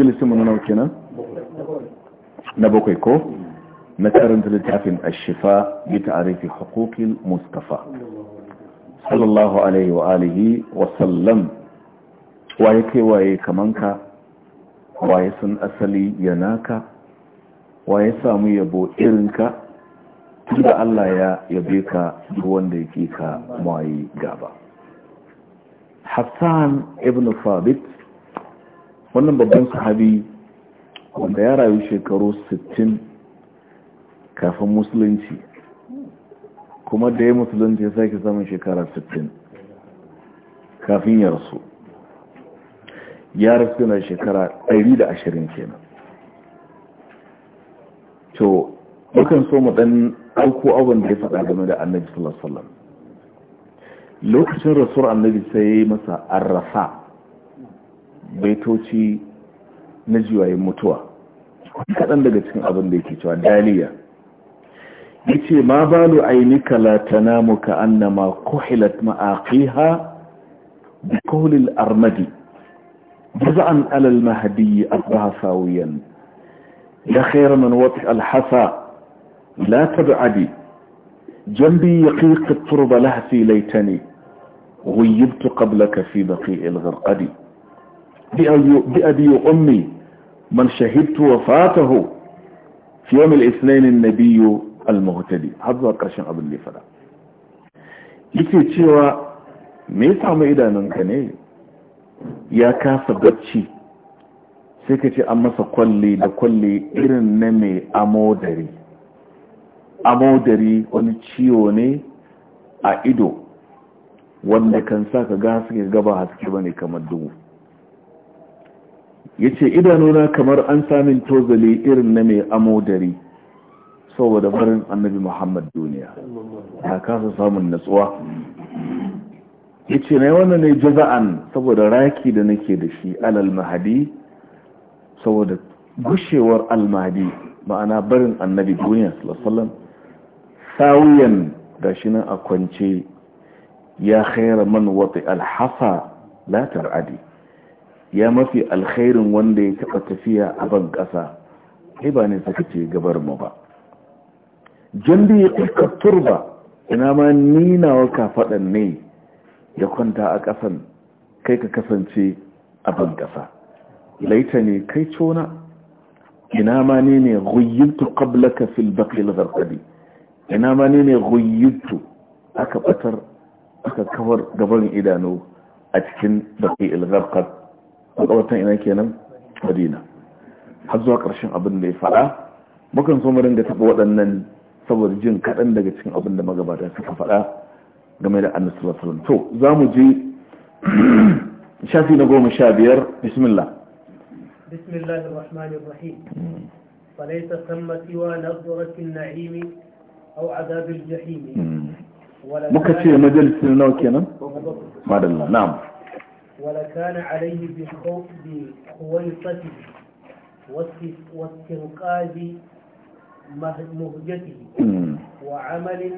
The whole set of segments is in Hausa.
majalisin mu nawa kenan na bakwai ko na karanta littafin ashifa bi ta'rifi hukukin mustafa sallallahu alaihi wa alihi wa sallam waye kai waye kamanka waye sun asali yanaka waye samu yabo irinka tunda Allah ya yabe ka duk wanda yake ka mai gaba Hassan ibn fabit wannan babban sahabi wanda ya rayu shekaru 60 kafin musulunci kuma da ya musulunci ya sake samun shekara 60 kafin ya rasu ya rasu na shekara 120 kenan to bakan so mu dan auku abin da ya faɗa game da annabi sallallahu alaihi wasallam lokacin rasuwar annabi sai masa arrafa baitoci na jiwayen mutuwa kaɗan daga cikin abin da yake cewa daliya ya ce ma balu ainika latana muka annama kuhilat ma'aƙiha da kohulil armadi jaza'an alal mahadi abuwa sawiyan ya khairar man wata alhasa la tab'adi جنبي يقيق التربة لهفي ليتني غيبت fi في بقيء الغرقد بأبي وأمي من شهدت وفاته في يوم الاثنين النبي المهتدي هذا قرشن أبو اللي فلا yake cewa me ya samu idanunka ne ya kasa barci sai ka ce an masa kwalli da kwalli irin na mai amodari amodari wani ciwo ne a ido wanda kan sa ka ga haske gaba haske ba ne kamar dubu ya ce idanuna kamar an samin tozali irin na mai amodari saboda barin annabi muhammad duniya ya kasa samun natsuwa ya ce na wannan ne jaza'an saboda raki da nake da shi alal mahadi saboda gushewar almahadi ma'ana barin annabi duniya sallallahu sauyan da shi nan a kwance ya khaira man wata alhafa latar adi ya mafi alkhairin wanda ya taɓa tafiya a ban ƙasa ai ba ne saka ce gabar mu ba jandi ya ɗauka turba ina ma ninawa kafaɗan ne ya kwanta a kasan kai ka kasance a ban ƙasa laita ne kai cona ina ma ne ne ghuyyintu qablaka fil baqil gharqadi ina ma ne ne aka batar aka kawar gaban idanu a cikin baqil gharqadi makabartan ina kenan madina har zuwa ƙarshen abin da ya faɗa mukan so mu ringa taɓa waɗannan saboda jin kaɗan daga cikin abin da magabata suka faɗa game da annabi sallallahu alaihi wasallam to za mu je shafi na goma sha biyar bismillah bismillahir rahmanir rahim فليس ثم سوى aw النعيم أو عذاب muka ce مجلس nawa kenan دلنا na'am ولكان عليه بالخوف بخويصته واستنقاذ مهجته وعمل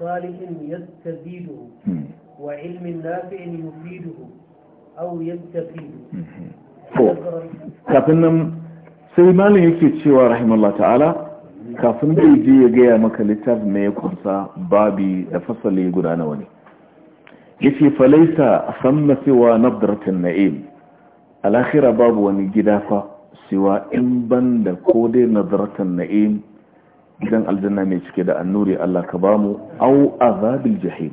صالح يستزيده وعلم نافع يفيده أو يستفيده kafin nan sai malin yake cewa rahimallah ta'ala kafin bai je ya gaya maka littafin mai ya kunsa babi da fasali guda nawa ne yace falaisa samma siwa nadratin na'im alakhira babu wani gida fa siwa in banda ko dai nadratin na'im gidan aljanna mai cike da annuri Allah ka bamu au azabil jahim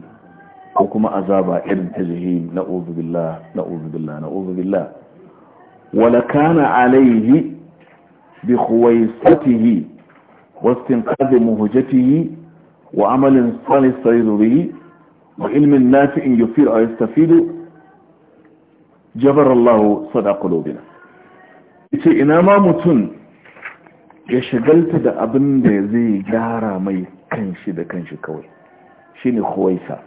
ko kuma azaba irin ta jahim na'udhu billah na'udhu billah na'udhu billah wala kana alayhi bi khuwaisatihi wa istinqadhi muhjatihi wa amalin salih sayruhi wa ilmin nafi'in yufir a yastafidu jabar Allah sada kulobina ce ina ma mutum ya shagalta da abin da zai gyara mai kanshi da kanshi kawai shine huwaisa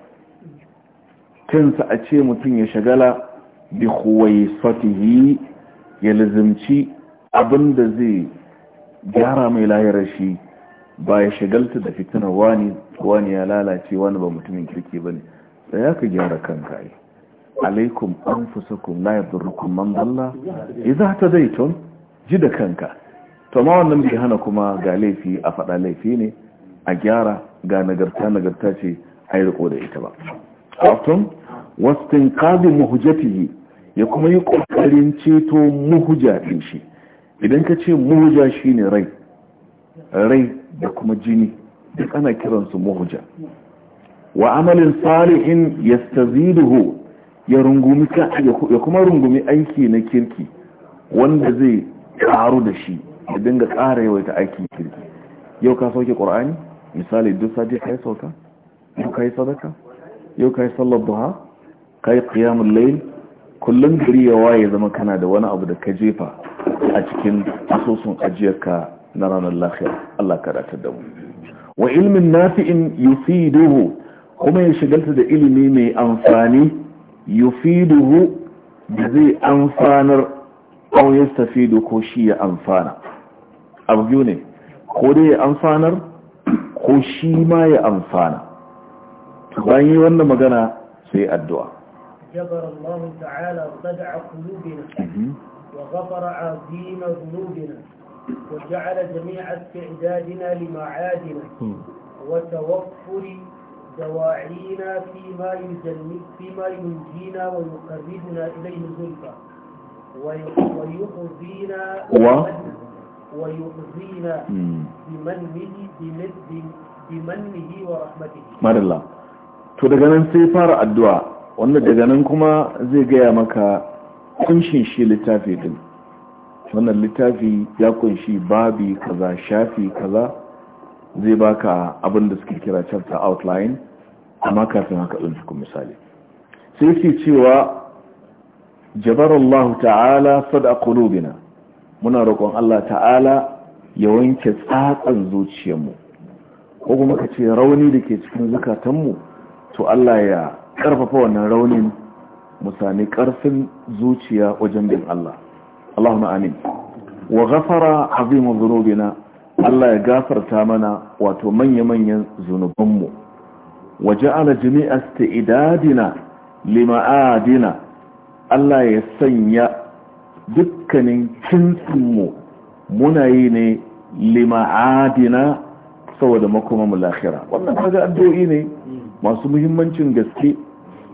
kansa a ce mutum ya shagala bi huwaisatihi ya lazimci abin da zai gyara mai lahirar shi ba ya shagalta da fitinar ne. wani ya lalace wani ba mutumin kirki ba ne da ya ka gyara kanka yi alaikum an fusakun na yadda rukun man zalla iza ta zaitun ji da kanka to ma wannan bai hana kuma ga laifi a faɗa laifi ne a gyara ga nagarta nagarta ce a yi riko da ita ba aftun wasu kabi muhujatihi ya kuma yi ƙoƙarin ceto muhuja ɗin shi idan ka ce muhuja shi ne rai rai da kuma jini duk ana kiransu muhja wa amalin salihin yastaziduhu ya rungumi ya kuma rungumi aiki na kirki wanda zai karu da shi ya dinga ƙara yawaita aikin kirki yau ka sauke ƙur'ani misali duk sati ka yi sauka yau ka yi sadaka yau ka yi sallar duha ka yi ƙiyamun layin kullum gari ya waye zama kana da wani abu da ka jefa a cikin asusun ajiyarka na ranar lafiya allah ka datar da mu wa ilmin nafi'in yufiduhu kuma ya shigarta da ilimi mai amfani yufiduhu da zai amfanar au ya tafidu ko shi ya amfana abu biyu ne ko dai ya amfanar ko shi ma ya amfana bayan yi wannan magana sai addu'a جبر الله تعالى ارتدع قلوبنا وغفر عظيم ذنوبنا وجعل جميع استعدادنا لمعادنا وتوفر دواعينا فيما يجنب فيما ينجينا ويقربنا إليه زلفى ويخزينا و... ويخزينا بمنه بمنه ورحمته مار الله to daga nan sai fara addu'a wanda daga nan kuma zai gaya maka kunshin shi littafi din wannan littafi ya kunshi babi kaza shafi kaza zai baka abin da suke kira chapter outline amma kafin haka ɗin cikin misali sai ke cewa jabarallahu ta'ala sada qulubina muna roƙon Allah ta'ala ya wanke tsatsan zuciyarmu ko kuma ka ce rauni da ke cikin zukatanmu to Allah ya ƙarfafa wannan raunin mu sami ƙarfin zuciya wajen bin Allah Allahumma amin wa ghafara azimu dhunubina Allah ya gafarta mana wato manya-manyan zunubanmu wa ja'ala jami'a isti'dadina lima'adina Allah ya sanya dukkanin kinsinmu muna yi ne lima'adina saboda makomanmu lahira wannan kaga addu'o'i ne masu muhimmancin gaske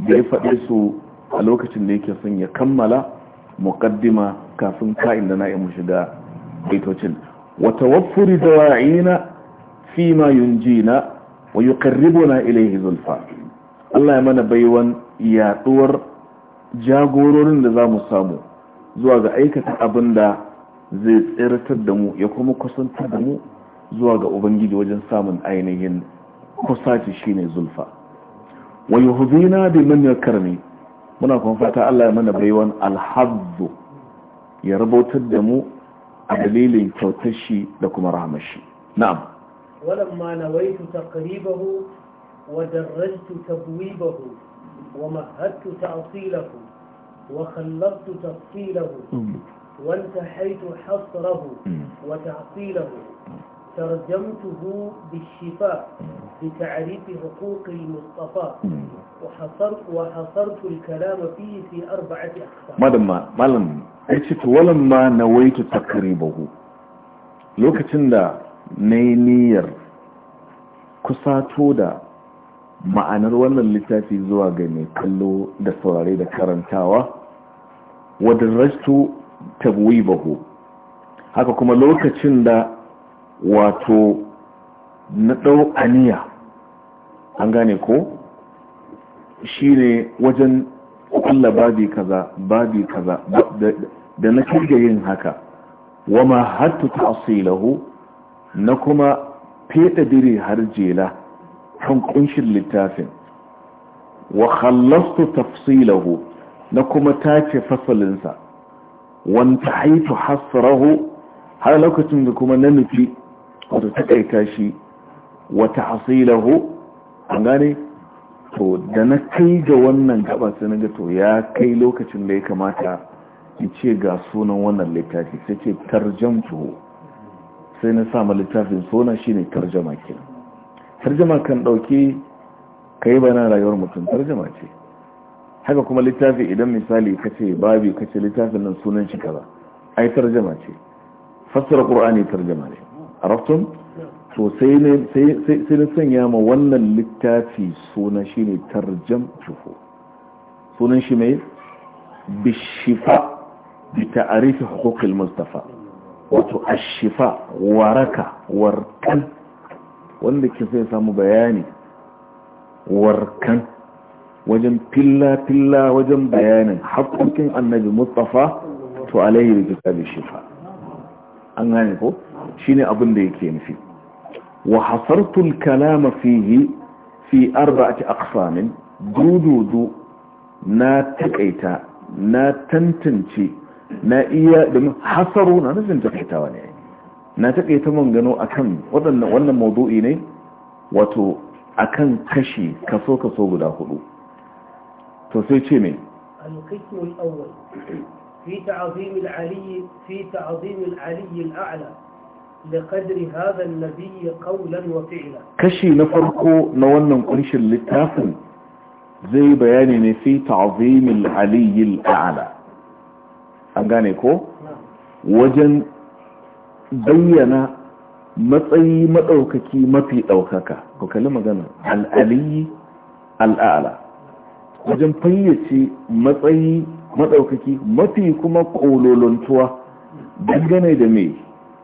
da ya faɗe su a lokacin da yake son ya kammala muqaddima kafin ka'in da na'in mu shiga baitocin wa tawaffuri dawa'ina fi ma yunjina wa yuqarribuna ilayhi zulfa Allah ya mana baiwan yaduwar jagororin da zamu samu zuwa ga aikata abinda zai tsirtar da mu ya kuma kusantar da mu zuwa ga ubangiji wajen samun ainihin kusaci shine zulfa wa yuhdina bi man yakarni muna kuma fata Allah ya mana baiwan alhazzu ya rubutar da mu a dalilin kyautar da kuma rahamar shi na'am walamma nawaitu taqribahu wa darrajtu tabwibahu wa mahattu ta'silahu wa khallabtu tafsilahu wa وانتحيت حصره وتعطيله ترجمته بالشفاء بتعريف حقوق المصطفى وحصرت وحصرت الكلام فيه في أربعة أقسام مدما ملم أجت ولما نويت تقريبه lokacin da na yi niyyar kusato ma'anar wannan littafi zuwa ga mai kallo da saurare da karantawa wadda rastu tabuwi baho haka kuma lokacin da wato na ɗau aniya an gane ko shi ne wajen kulla babi kaza babi kaza da na kirga yin haka wama hattu ta'silahu na kuma feda dire har jela kan kunshin littafin wa khallastu tafsilahu na kuma tace fasalinsa wanta haitu hasrahu har lokacin da kuma na nufi wato takaita shi Wata ta'silahu an gane to da na kai ga wannan gaba sai ga to ya kai lokacin da ya kamata in ce ga sunan wannan littafi sai ce tarjamtu sai na sa littafin suna shine tarjama kenan tarjama kan dauke kai bana rayuwar mutum tarjama ce haka kuma littafi idan misali kace babi kace littafin nan sunan shi kaza ai tarjama ce fassara qur'ani tarjama ne arabtum so sai na sanya ma wannan littafi suna shi ne tarjam shufu sunan shi mai bishifa bi ta'arifi hukukul mustafa wato ashifa waraka warkan wanda ke sai samu bayani warkan wajen filla-filla wajen bayanin haƙoƙin annabi mustafa to alaihi da kitabi shifa an gane ko ne abin da yake nufi وحصرت الكلام فيه في أربعة أقسام دودود نا تكيتا نا تنتنتي نا إيا دم حصرونا نزم تكيتا واني نا تكيتا من قنو أكم وانا موضوعي ني واتو كشي كسو كسو بلا خلو تسوي تيمي القسم الأول في تعظيم العلي في تعظيم العلي الأعلى لقدر na farko na wannan كشي littafin zai bayani للتافن زي بياني في تعظيم العلي الأعلى أنقانيكو وجن بينا matsayi maɗaukaki mafi ɗaukaka ku kalli magana al'aliyi al'ala wajen fayyace matsayi maɗaukaki mafi kuma ƙololontuwa dangane da mai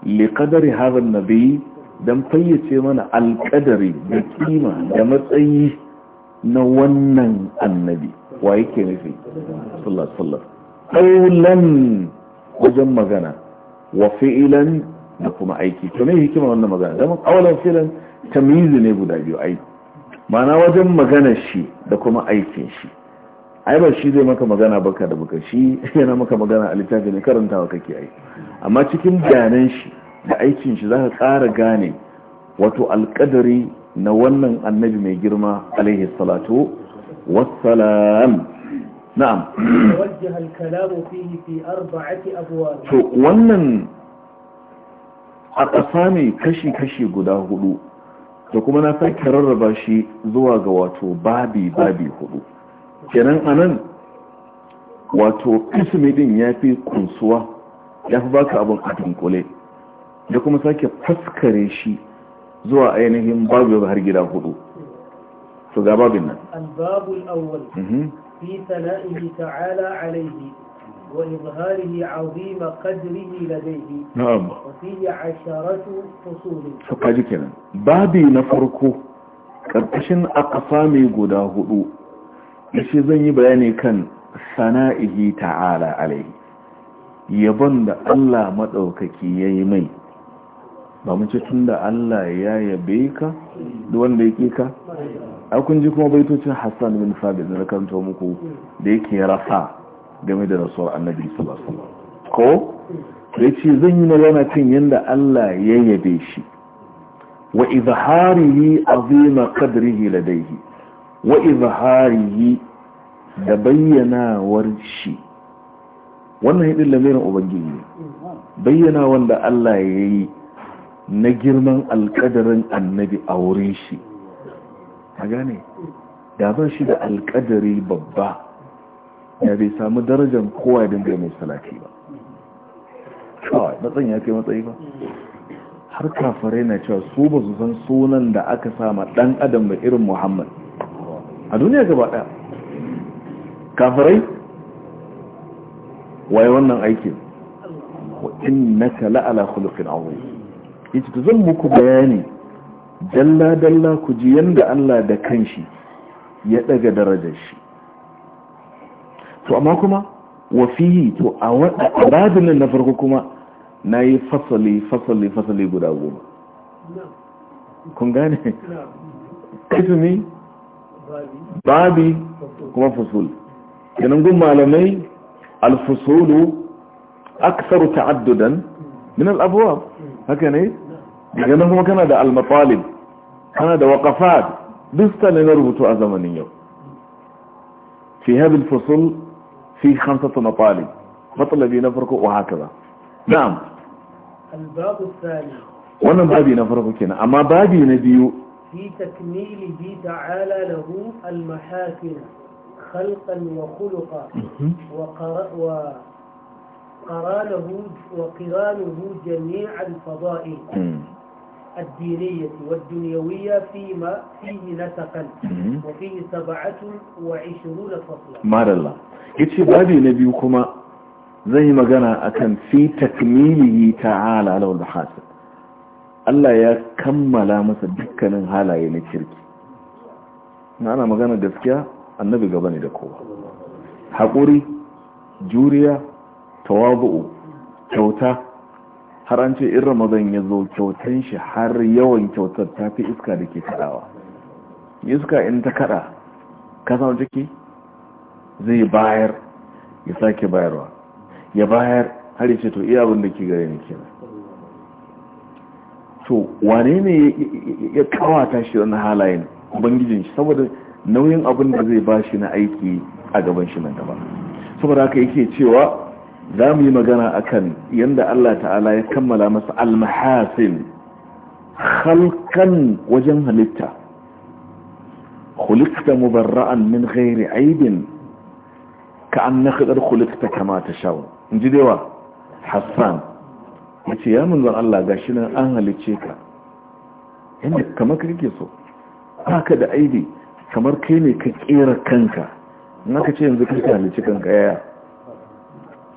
liƙadari harin na nabi don fayyace mana alƙadari da kima da matsayi na wannan annabi wa yake nufi sallallahu ƙaunan wajen magana wa fi'ilan da kuma aiki to ne hikima wannan magana don ƙaunan fi'ilan tamizu ne guda biyu aiki Ma'ana wajen magana shi da kuma aikin shi ai ba shi zai maka magana baka da baka shi yana maka magana a littafi ne karantawa kake ai amma cikin bayanan shi da aikin shi zaka ƙara gane wato alƙadari na wannan annabi mai girma alaihi salatu wassalam na'am to wannan a ƙasa ne kashi-kashi guda hudu da kuma na sake rarraba shi zuwa ga wato babi-babi hudu kenan anan wato ismi ya fi kunsuwa ya fi baka abin a dunkule da kuma sake faskare shi zuwa ainihin babu har gida hudu su ga babin nan albabul awwal mhm. fi sana'ihi ta'ala alaihi wa izharihi azima qadrihi ladayhi na'am wa fihi asharatu fusul su kaji kenan babi na farko karkashin aqsami guda hudu yace zan yi bayani kan sana'ihi ta'ala alaihi yabon da Allah maɗaukaki ya yi mai ba mu ce da Allah ya yabe ka wanda ya ƙi ka a ji kuma baitocin Hassan bin Sabit da karanto muku da yake rasa game da rasuwar Annabi su ba su ko yace zan yi magana cin yadda Allah ya yabe shi wa izharihi azima kadrihi ladaihi wa izharihi da bayyanawar shi wannan hidin lamirin ubangiji bayyana wanda Allah ya yi na girman alkadarin annabi a wurin shi a gane da ba shi da alkadari babba ya bai samu darajar kowa dinga mai salati ba kawai matsayin ya kai matsayi ba har kafarai na cewa su ba su san sunan da aka sama dan adam da irin muhammad a duniya gaba ɗaya kafirai waye wannan aikin wa na la'ala khuluqin azim yace to zan muku bayani dalla dalla ku ji yanda Allah da kanshi ya daga darajar shi to amma kuma wa to a wadin na farko kuma nayi fasali fasali fasali guda goma kun gane ne. babi kuma fusul ganin gun malamai alfusulu aksaru ta'addudan min al'abuwa haka ne ganin kuma kana da almatalib kana da waƙafat duk ne na rubutu a zamanin yau fi hadin fusul fi hamsatu matalib matsalabi na farko wa haka ba na'am wannan babi na farko kenan amma babi na biyu في تكميله تعالى له المحاسن خلقا وخلقا وقرانه وقرانه جميع الفضائل الدينية والدنيوية فيما فيه نسقا وفيه سبعة وعشرون فصلا مار الله يتشي بابي نبيكما زي ما قلنا أكن في تكميله تعالى له المحاسن Allah ya kammala masa dukkanin halaye na kirki na ana magana gaskiya annabi gaba ne da kowa haƙuri juriya tawabu'u kyauta har an ce in ramadan ya zo kyautan shi har yawan kyautar ta fi iska da ke kaɗawa iska in ta kaɗa ka samu ciki zai bayar ya sake bayarwa ya bayar har ya ce to iya abin da ke gare ne kenan to wane ne ya kawata shi wani halayen ubangijin shi saboda nauyin abin da zai ba shi na aiki a gaban shi nan gaba saboda haka yake cewa za mu yi magana akan yadda Allah ta'ala ya kammala masa almahasin halkan wajen halitta خلقت مبرأ من غير عيب كأنك kama ta shawo in ji dewa hassan mace ce ya manzan Allah ga shi nan an halice ka yadda kamar ka kake so haka da aibi kamar kai ne ka kera kanka na ka ce yanzu kai ka halice kanka yaya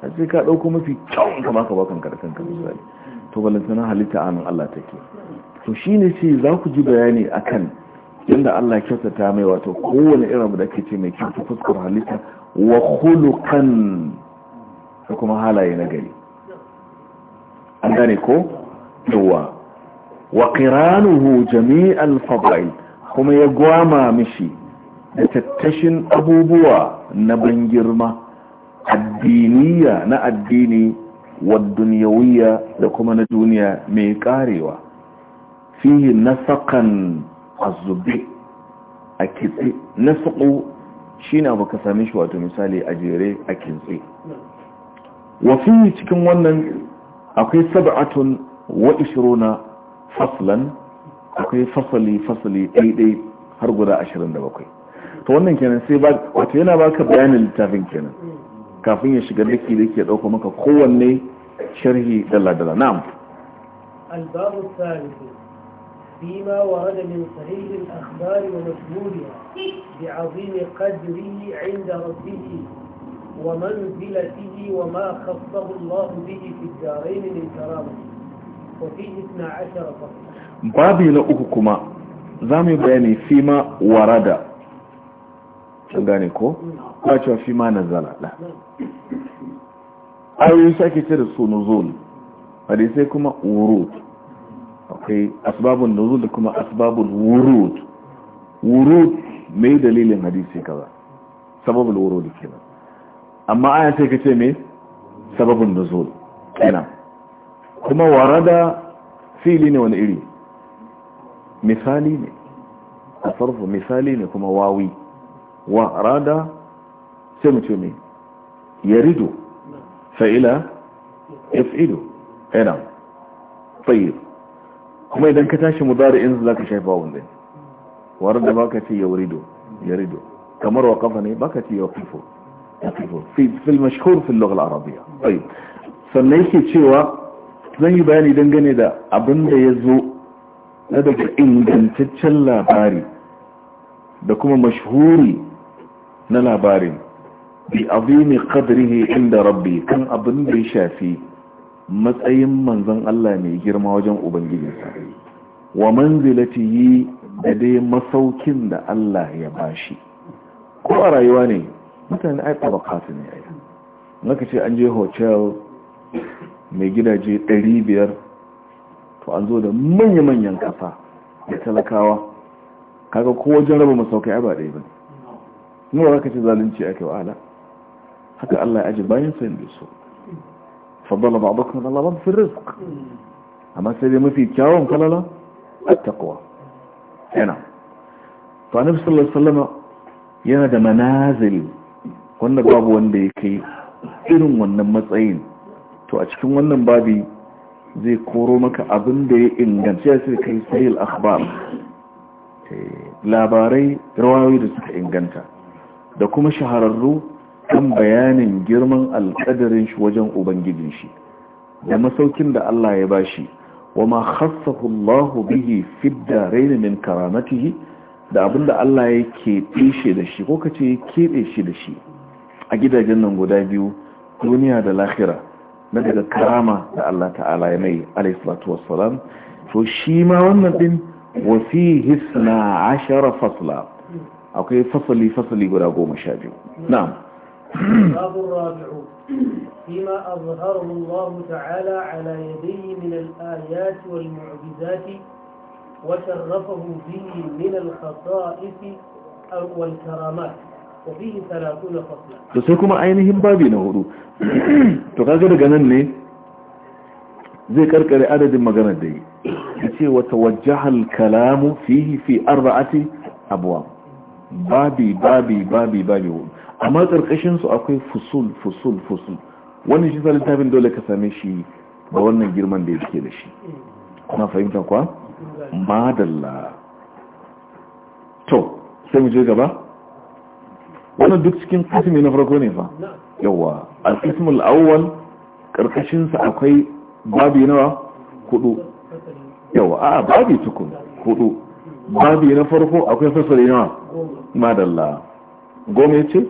a ce ka ɗauko mafi kyau kama ka ba kanka da kanka misali to balantana halitta anan Allah take to shi ne ce za ku ji bayani akan yadda Allah kyautata mai wato kowane irin da ke ce mai kyautu fuskar halitta wa khuluqan da kuma halaye na gari an gane ko yawa wa qiranuhu jami'al fadail kuma ya gwama mishi da tattashin abubuwa na ban girma addiniya na addini wa dunyawiya da kuma na duniya mai karewa fihi nasakan azubi a kitse nasaku shine abu ka same shi wato misali a jere a kitse wa fihi cikin wannan akwai sab'atun wa ishiruna faslan akwai fasali fasali ɗaiɗai har guda ashirin da bakwai to wannan kenan sai ba wato yana baka bayanin littafin kenan kafin ya shiga daki da ke ɗauka maka kowanne sharhi dala-dala na'am الباب الثالث فيما ورد من صحيح الأخبار ومسمولها بعظيم قدره عند ربه ومنزلته وما خصه الله به في الدارين من كرامه وفيه 12 فصل babi na uku kuma za mu yi bayani fima warada can gane ko? Mm. kuma cewa fima na zala da ayoyi sake ce da su nuzul hadisai kuma wurud akwai asbabun nuzul da kuma asbabun wurud wurud mai dalilin hadisi kaza sababul wurud kenan amma aya sai kace me sababun nuzul ina kuma warada fili ne wani iri misali ne a asarfu misali ne kuma wawi warada sai mu ce me yaridu fa'ila yaf'ilu ina tayyib kuma idan ka tashi mudari'in zaka shafa wanda warada baka ce yaridu yaridu kamar waqafa ne baka ce yaqifu في في المشهور sannan yake cewa zan yi bayani dangane da abin da ya zo na daga ingantaccen labari da kuma mashhuri na labarin bi azimi qadrihi inda rabbi kan abin da ya shafi matsayin manzon Allah mai girma wajen ubangijinsa wa yi da dai masaukin da Allah ya bashi ko a rayuwa ne mutane ai tabakatu ne yi, naka ce an je hotel mai gidaje 500 to an zo da manya-manyan kasa da talakawa kaga ko wajen raba masauki ai ba ɗaya ba ne za ka ce zalunci kai wa'ala haka Allah ya aji bayan sayin da su faddala ba abokan Allah ba fi rizq amma sai dai mafi kyawun kalala a takwa yana to annabi sallallahu alaihi wasallam yana da manazil wannan babu wanda ya kai irin wannan matsayin to a cikin wannan babi zai koro maka abin da ya inganci ya sai kai sayil akhbar eh, labarai rawayoyi da suka inganta da kuma shahararru kan bayanin girman alkadarin shi wajen ubangijin shi da masaukin da Allah ya bashi wa ma khassahu Allahu bihi fi darain min karamatihi da abinda Allah ya keɓe shi da shi ko kace ya keɓe shi da shi a gidajen nan guda biyu duniya da lahira na daga karama da Allah ta'ala ya mai alaihissalatu wassalam to shi ma wannan din wasi hisna ashara fasla akwai fasali fasali guda goma sha biyu na'am باب الرابع فيما أظهره الله تعالى على يديه من الآيات والمعجزات وشرفه به من الخصائص والكرامات to sai kuma ainihin babi na hudu to kaga daga nan ne zai karkare adadin maganar da yi ya ce wata wajahal kalamu fihi fi arba'ati abuwa babi babi babi babi hudu amma tsarkashin su akwai fusul fusul fusul wannan shi sai littafin dole ka same shi ba wannan girman da ya yake da shi kuma fahimta kwa madalla to sai mu je gaba wannan duk cikin kasimi na farko ne fa yawa al-qismul awwal karkashin sa akwai babi nawa hudu yawa a babi tukun hudu babi na farko akwai fasali nawa madalla goma ya yace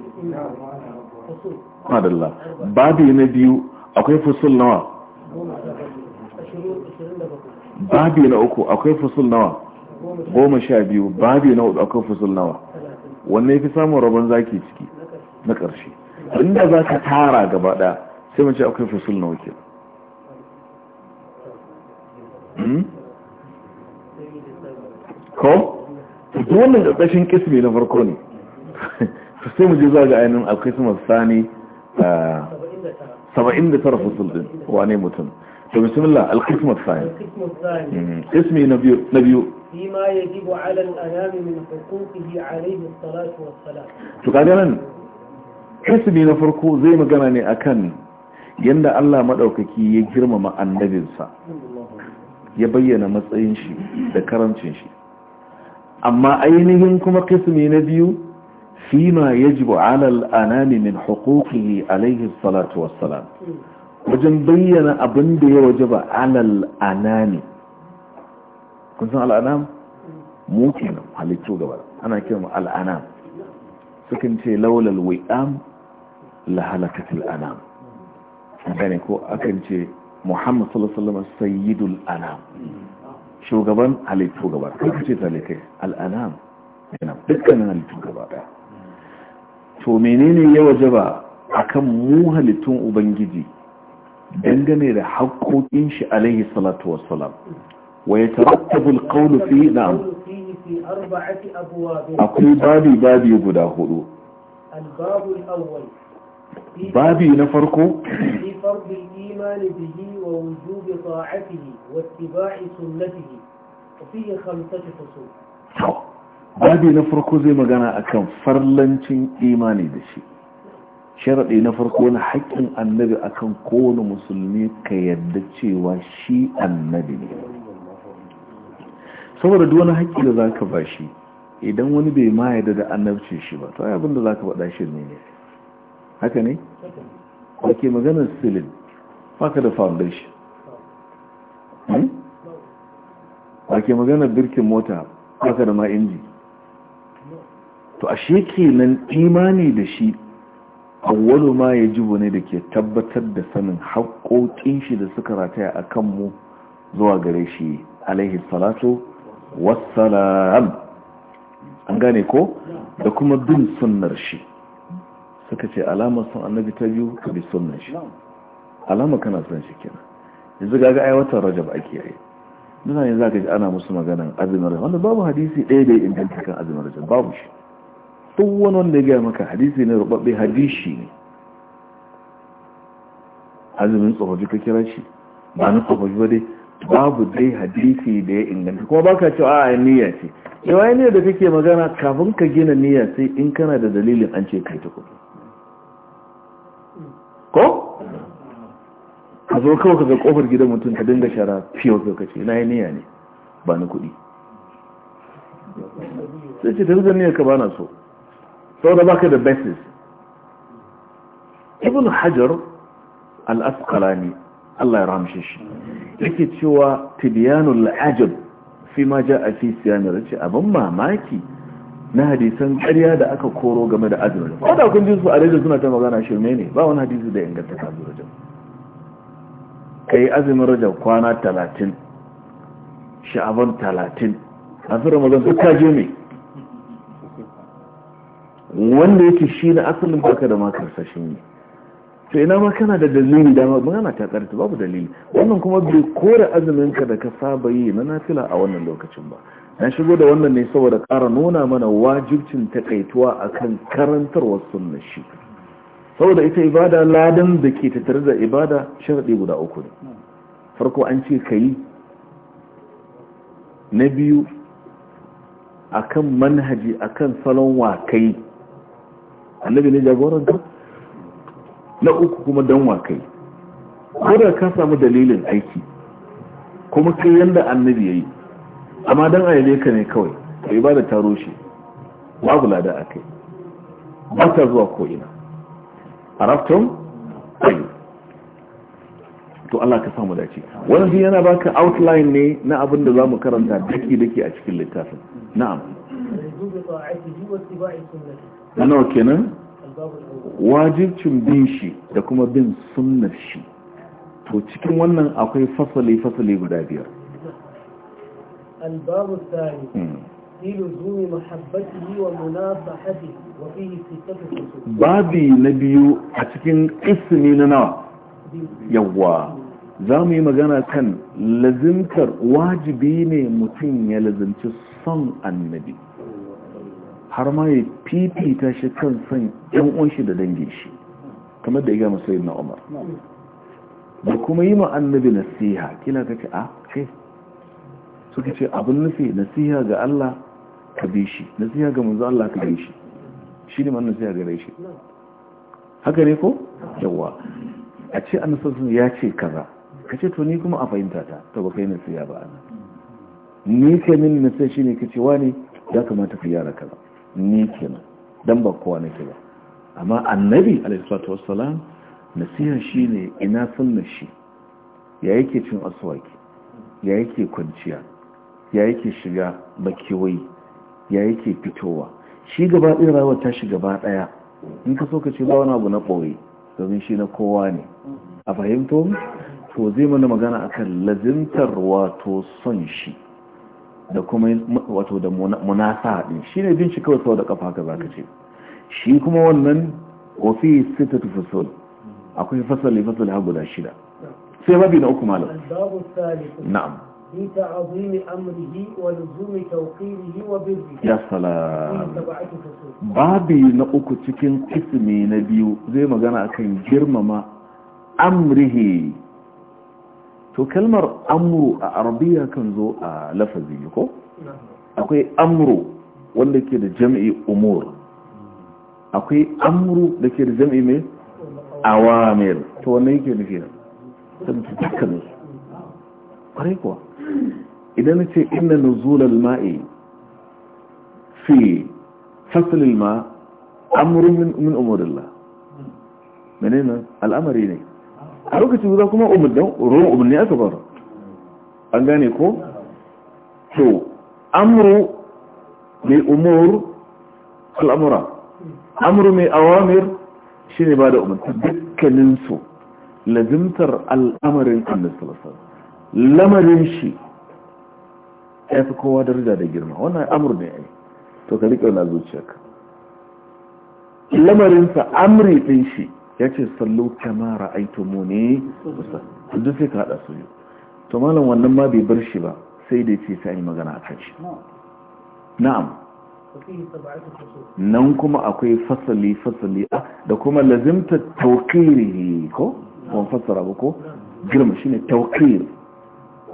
madalla babi na biyu akwai fusul nawa babi na uku akwai fusul nawa goma sha biyu babi na uku akwai fusul nawa wanne fi samun rabon zaki ciki na ƙarshe inda za ka tara gaba ɗaya sai mace akwai fasul na wakil hmm? ko? wannan ƙarƙashin ƙismi na farko ne sai mu je za ga ainihin alkismar sani 79 fasul din wane mutum to bismillah al-qism al mm-hmm. ismi na biyu na biyu hukukihi يجب على الأنام من حقوقه nan, ismi na farko zai magana ne ما قالني أكن يند الله مدوككي يجرم مع ya bayyana matsayin shi da karancin shi amma ainihin kuma kismi na biyu fima yajibu ala al'anami min huquqihi alayhi salatu wassalam wajen bayyana abin da ya waje ba alal anani kun san al'anam mu kenan halittu gaba ana kiran al'anam sukan ce laulal wi'am la halakatil anam gane ko akan ce muhammad sallallahu alaihi wasallam sayyidul anam shugaban halittu gaba kai ce talikai al'anam yana dukkanin halittu gaba daya to menene ya waje ba akan mu halittun ubangiji dangane da haƙoƙin shi alaihi salatu wassalam wa ya tarattabul qawlu fi na'am akwai babi babi guda hudu babi na farko wa babi na farko zai magana akan farlancin imani da shi sharaɗi na farko na haƙƙin annabi akan kowane musulmi ka yadda cewa shi annabi ne saboda duk wani haƙƙi da za ka ba shi idan wani bai ma yadda da annabci shi ba to abinda da za ka faɗa shi ne haka ne? ke maganar silin baka da foundation hmm? ke maganar birkin mota baka da ma inji to ashe nan imani da shi awwalu ma yajibu ne da ke tabbatar da sanin haƙoƙin shi da suka rataya a kanmu zuwa gare shi alaihi salatu wassalam an gane ko da kuma bin sunnar shi suka ce alamar sun annabi ta biyu ka bi sunnar shi alama kana son shi kenan yanzu ga ai watan rajab ake yi nuna ne za ka ji ana musu maganan azumin rajab wanda babu hadisi ɗaya da inganta kan azumin rajab babu shi duk wani wanda ya gaya maka hadisi ne rubabbe hadisi ne azumin tsofaffi ka kira shi ba na tsofaffi ba dai babu dai hadisi da ya inganta kuma baka cewa a niyya ce yawa ne da kake magana kafin ka gina niyya sai in kana da dalilin an ce kai tukun ko ka zo kawai ka ga kofar gidan mutum ka dinga shara fiye ka ce na yi niyya ne ba na kuɗi sai ce ta zan niyya ka ba na so saboda baka da basis ibn hajar al-asqalani Allah ya ramshe shi yake cewa tibyanul ajab fi ma a fi siyamir ce abin mamaki na hadisan ƙarya da aka koro game da azrajin ko da kun ji su a rajin suna ta magana shirme ne ba wani hadisi da inganta ta kai azumin rajab kwana talatin sha'aban talatin a su ramadan duk je mai wanda yake shi na asalin baka da makar sashen yi to ina ma kana da dalili da magana ta karanta babu dalili wannan kuma bai kore azumin ka da ka saba yi na nafila a wannan lokacin ba na shigo da wannan ne saboda kara nuna mana wajibcin takaituwa akan karantarwar sunna shi saboda ita ibada ladan da ke tattare da ibada sharaɗi guda uku ne farko an ce ka yi na biyu akan manhaji akan salon wa kai annabi ne jagoranta na uku kuma dan wakai kai ko da ka samu dalilin aiki kuma kai yanda annabi yayi amma dan aile ka ne kawai kai ba da taro shi babu lada akai ba ta zuwa ko ina arabtum ayyuka to Allah ka samu dace wannan shi yana baka outline ne na abin da zamu karanta daki daki a cikin littafin na'am na nawa kenan wajibcin bin shi da kuma bin sunnar shi to cikin wannan akwai fasali fasali guda biyar الباب hmm. na biyu a cikin ومناصحته وفيه ستة خصوص بابي yi magana kan lazimtar wajibi ne mutum ya lazimci son annabi har ma ya fifita shi kan son yan unshi shi da dangin shi kamar da ya gama na Umar da kuma yi ma annabi nasiha kila ka ce a kai suka ce abin nufi nasiha ga Allah ka bi shi nasiha ga manzo Allah ka bi shi shi ne man nasiha ga shi haka ne ko yawa a ce annabi ya ce kaza ka ce to ni kuma a fahimta ta to ba kai nasiha ba ana ni ke min nasiha ka ce wani ya kamata ku yara kaza ni kenan don ba kowa na nake ba amma annabi alaihi salatu shi ne ina na shi ya yake cin aswaki ya yake kwanciya ya yake shiga makewayi ya yake fitowa shi gaba ɗaya rawar ta shi gaba ɗaya in ka so ka ce ba wani abu na ɓoye domin shi na kowa ne a fahimto to zai mana magana akan lazimtar wato son shi da kuma wato da munasa din shi ne bin shi kawai sau da kafa ka za ka ce shi kuma wannan kofi sita tu fasol akwai fasali fasali ha guda shida sai mabi na uku malam na'am bi ta'zimi amrihi wa luzumi tawqirihi wa birrihi ya salam babi na uku cikin kismi na biyu zai magana akan girmama amrihi to kalmar amru a arabiya kan zo a lafazi ko akwai amru wanda ke da jam'i umur akwai amru da ke da jam'i mai awamir to wanda yake nufi na sabbi dukkan su kwarai kuwa idan na ce inna nuzulal ma'i fi fasalil ma amurin min umurillah menene al'amari ne a lokacin guda kuma ruwan umarni aka bar an gane ko? to amuru mai umar al'amura amuru mai awamir shi ne ba da umarta dukkaninsu lazimtar al'amarin annabi lamarin shi ya fi kowa daraja da girma wannan amur ne ai to ka riƙe na zuciyarka lamarinsa amri ɗin shi ya ce sallu kama mu ne duk sai ka haɗa su yi to malam wannan ma bai bar shi ba sai da ce sai magana a kan shi na'am nan kuma akwai fasali fasali da kuma lazimta tawqiri ko kuma fasara ba ko girma shine tawqir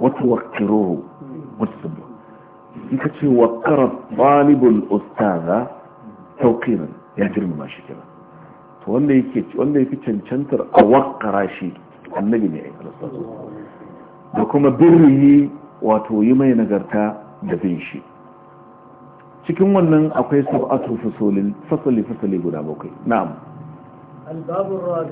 wata waqiruhu wata sabba in ka ce waqara talibul ustaza tawqiran ya girma shi kenan wanda yake wanda yake cancantar a wakara shi annabi ne a rasulullah da kuma birrihi wato yi mai nagarta da bin shi cikin wannan akwai sab'atu fasolin fasali fasali guda bakwai na'am fi salati الرابع wa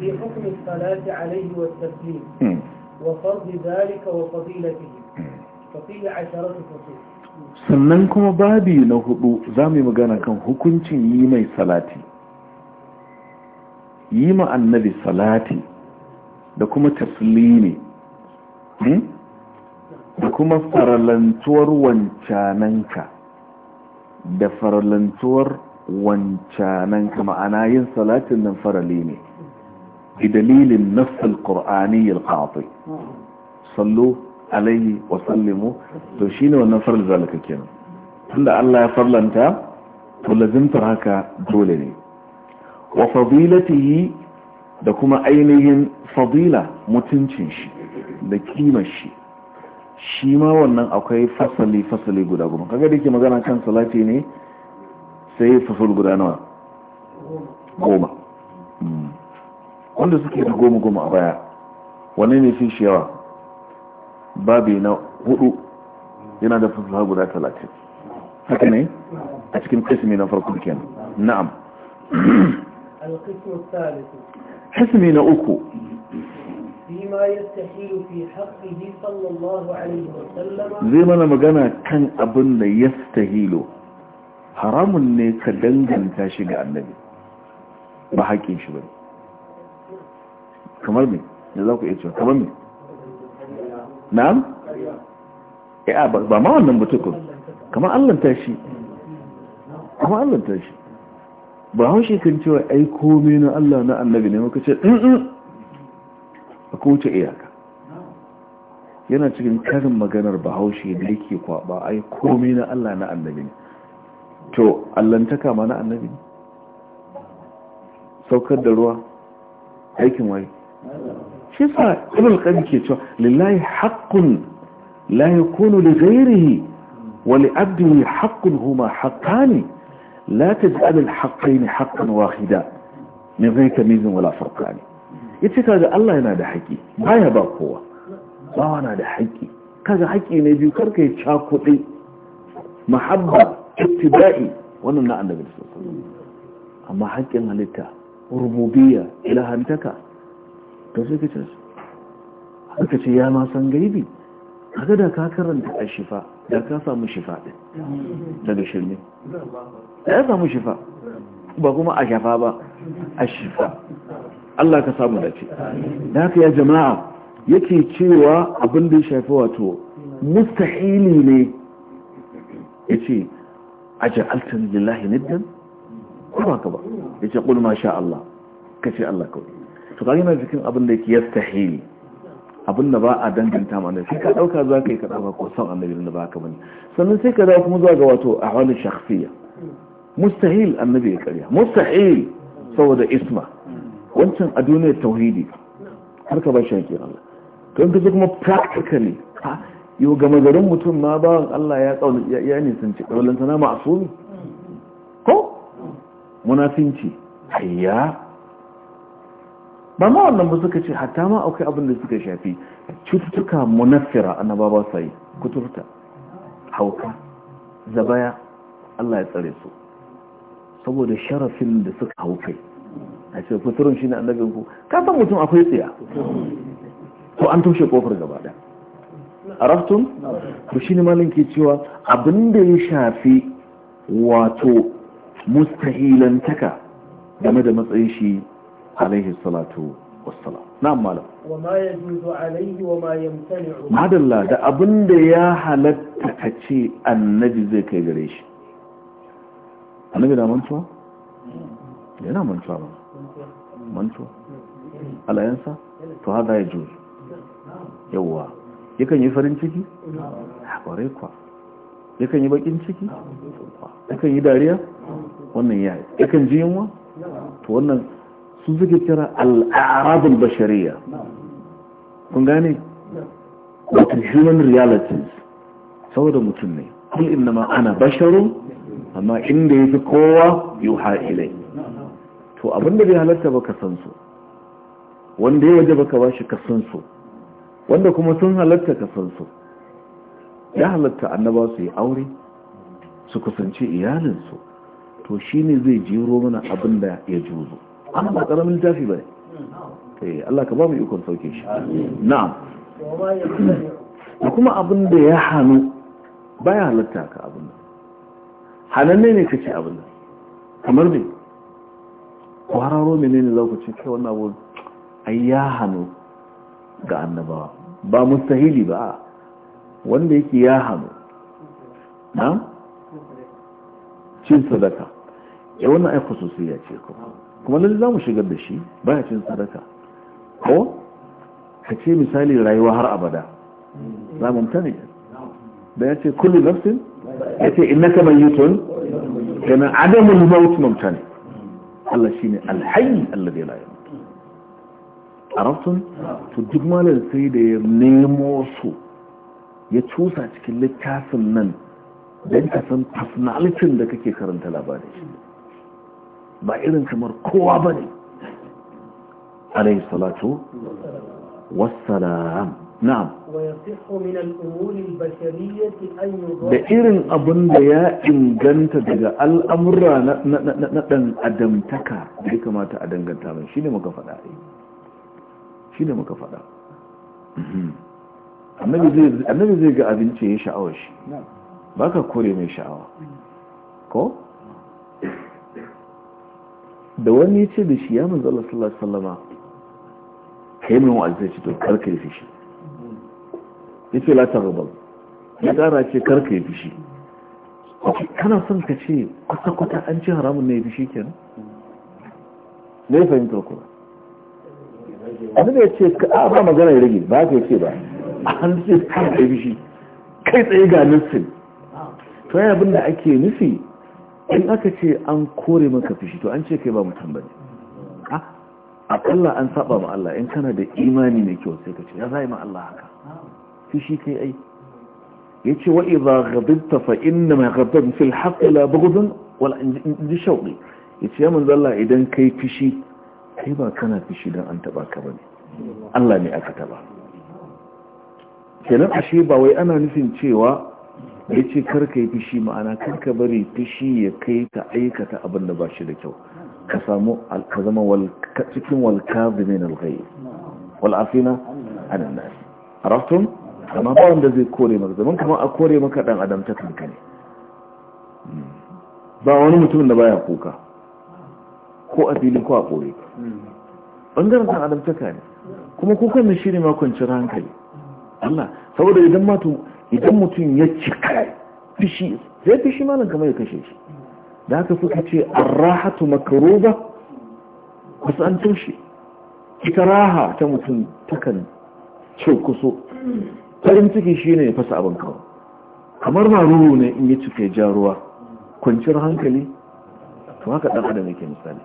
حكم hmm. wa عليه والتسليم wa ذلك وفضيلته فقيل عشرة فصول sannan kuma babi na hudu za mu yi magana kan hukuncin yi mai salati yi ma'annabi salati da kuma taslimi hmm? da kuma farallantuwar wancananka ma'ana yin salatin nan farali ne bi dalilin nafsul qur'ani al-qati sallu alaihi wa sallimu to shine wannan farz zalika kenan tunda Allah ya farlanta to lazimta haka dole ne wa fadilatihi da kuma ainihin fadila mutuncin shi da kimar shi shi ma wannan akwai fasali-fasali guda goma kaga da ke magana kan salati ne sai fasali guda nawa goma hmm. wanda suke da goma goma a baya wani ne fi shi yawa babi na hudu yana da fasali guda talatin haka ne a cikin kasimi na farko kenan na'am القسم الثالث حسمي نأكو فيما يستحيل في حقه صلى الله عليه وسلم زي ما نمجانا كان أبن يستحيله حرام نيكا دنجن تاشيق النبي بحاكين شبن كمال مي نزاوك ايتشو كمال مي نعم ايه ابا آه، ما وانا مبتكم كمال الله تاشي كمال الله تاشي ba haushe kan cewa ai komai na Allah na annabi ne muka ce ɗin a kowace iyaka yana cikin karin maganar bahaushe da yake kwaba ai komai na Allah na annabi ne to allantaka ma na annabi ne saukar da ruwa aikin waye shi sa ibn qayyim ke cewa lillahi haqqun la yakunu li ghayrihi wa li abdihi haqqun huma haqqani la تجعل الحقين حقا واحدا wahida غير تمييز ولا wala farqan yace kaga Allah yana da haƙi baya ba kowa bawa na da haƙi kaga haƙi ne biyu karka ya cakuɗe mahabba ittiba'i wannan na annabi sallallahu alaihi wasallam amma haƙin halitta rububiyya ilahantaka to sai kace haka ce ya ma san gaibi kaga da ka karanta ashifa da ka samu shifa ɗin daga shirme ya samu shifa ba kuma a shafa ba a shifa Allah ka samu dace da haka ya jama'a yake cewa abin da ya shafi wato mustahili ne ya ce a ja'altun lillahi niddan ko ba ka ba ya ce ƙulma sha Allah ka ce Allah kawai to kagina cikin abin da yake yastahili abin ba a danganta mana sai ka dauka za ka yi ka dauka ko son annabi da ba ka bane sannan sai ka dawo kuma zuwa ga wato ahwalul shakhsiyya mustahil annabi ya karya mustahil saboda isma wancan a duniyar tauhidi har ka ba shi hakki Allah to in ka kuma practically ha yau gama garin mutum ma bawan Allah ya kauna ya ne sun ci kaulan sana ma'sumi ko munafinci hayya ba ma wannan ba suka ce hatta ma akwai abin da suka shafi cututtuka munafira ana ba yi. kuturta hauka zabaya Allah ya tsare su saboda sharafin da suka haukai a ce kuturun shine annabin ku ka san mutum akwai tsiya Ko an toshe kofar gaba da raftun ku ne malin ke cewa abin da ya shafi wato mustahilantaka game da matsayin shi alaihi salatu wassalam na'am malam wa ma yajuzu alaihi wa ma الله madalla da abinda ya halatta kace annabi zai kai gare shi annabi da mantuwa yana mantuwa ba mantuwa alayansa to hada ya yawwa yakan yi farin ciki ƙware kwa yakan yi bakin ciki yakan yi dariya wannan ya yakan ji yunwa to wannan su suke kira al'arabul bashariya kun gane wato human realities saboda mutum ne kul inna ana basharu amma inda yafi kowa yuha ilai to abinda bai halatta ba ka san su wanda ya waje baka bashi ka san su wanda kuma sun halatta ka san su ya halatta annaba su yi aure su kusanci iyalinsu to shine zai jiro mana abinda ya juzo amma ba karamin littafi ba ne eh, Allah ka ba mu ikon sauke shi na'am da kuma abin da ya hannu baya halatta ka abin nan hananne ne kace abin nan kamar me kwararo menene za ku ce kai wannan abu ai ya hannu ga annabawa ba mustahili ba wanda yake ya hannu na cin sadaka ya eh, wannan ai ya ce kuma kuma nan za mu shigar da shi baya cin sadaka ko ka ce misali rayuwa har abada za mu mutane da ya ce kullu nafsin ya ce ka innaka na adamun adamul mamta ne. Allah shi ne shine Allah alladhi la a rafton to duk malam sai da ya nemo su ya cusa cikin littafin nan don ka san da kake karanta labarin shi ba irin kamar kowa ba ne alayhi salatu wassalam na'am da irin abin da ya inganta daga al'amura na ɗan adamtaka da kamata a danganta mai shi ne muka faɗa shi ne muka faɗa mhm. annabi zai ga abinci ya sha'awar shi ba ka kore mai sha'awa ko? da wani ya ce da shi ya manzo Allah sallallahu alaihi wasallama kai mun wa'azi ce to karka yi fishi yace la taghbal ya gara ce karka yi fishi kana son ka ce kusa kwata an ci haramun ne fishi kenan ne ya fahimta ku abin ya ce a ba magana ya rage ba ka ce ba an ce karka yi fishi kai tsaye ga nufin to yana abinda da ake nufi in aka ce an kore maka fushi to an ce kai ba mutum ba ne kalla an saba ma Allah in kana da imani mai kyau sai ka ce ya zai ma Allah haka fushi kai ai ya ce wa iza gabinta fa inna mai gabin fil haƙi labarudun bughdun wala ya ce yamin zalla idan kai fushi kai ba kana fushi don an taɓa ka ba ne. Allah ne aka taɓa kenan ashe ba wai ana nufin cewa ya ce karka yi fishi ma'ana karka bari fishi ya kai ta aikata abin da ba shi da kyau ka samu ka zama cikin na alghai wal'afina anan nasi a rafton amma ba wanda zai kore maka zaman kuma a kore maka dan adam ta kanka ne hmm. ba wani mutumin da baya kuka ko a fili ko a kore bangaren dan adam ta ne kuma kukan da shi ne makwancin hankali Allah saboda idan matu. idan mutum ya cika fishi zai fishi malam kamar ya kashe shi da haka suka ce arrahatu makaruba kusa an toshe ita raha ta mutum takan ce kuso farin ciki shi ya fasa abin kawo kamar ruru ne in ya cika ja ruwa kwanciyar hankali to haka dan adam yake misali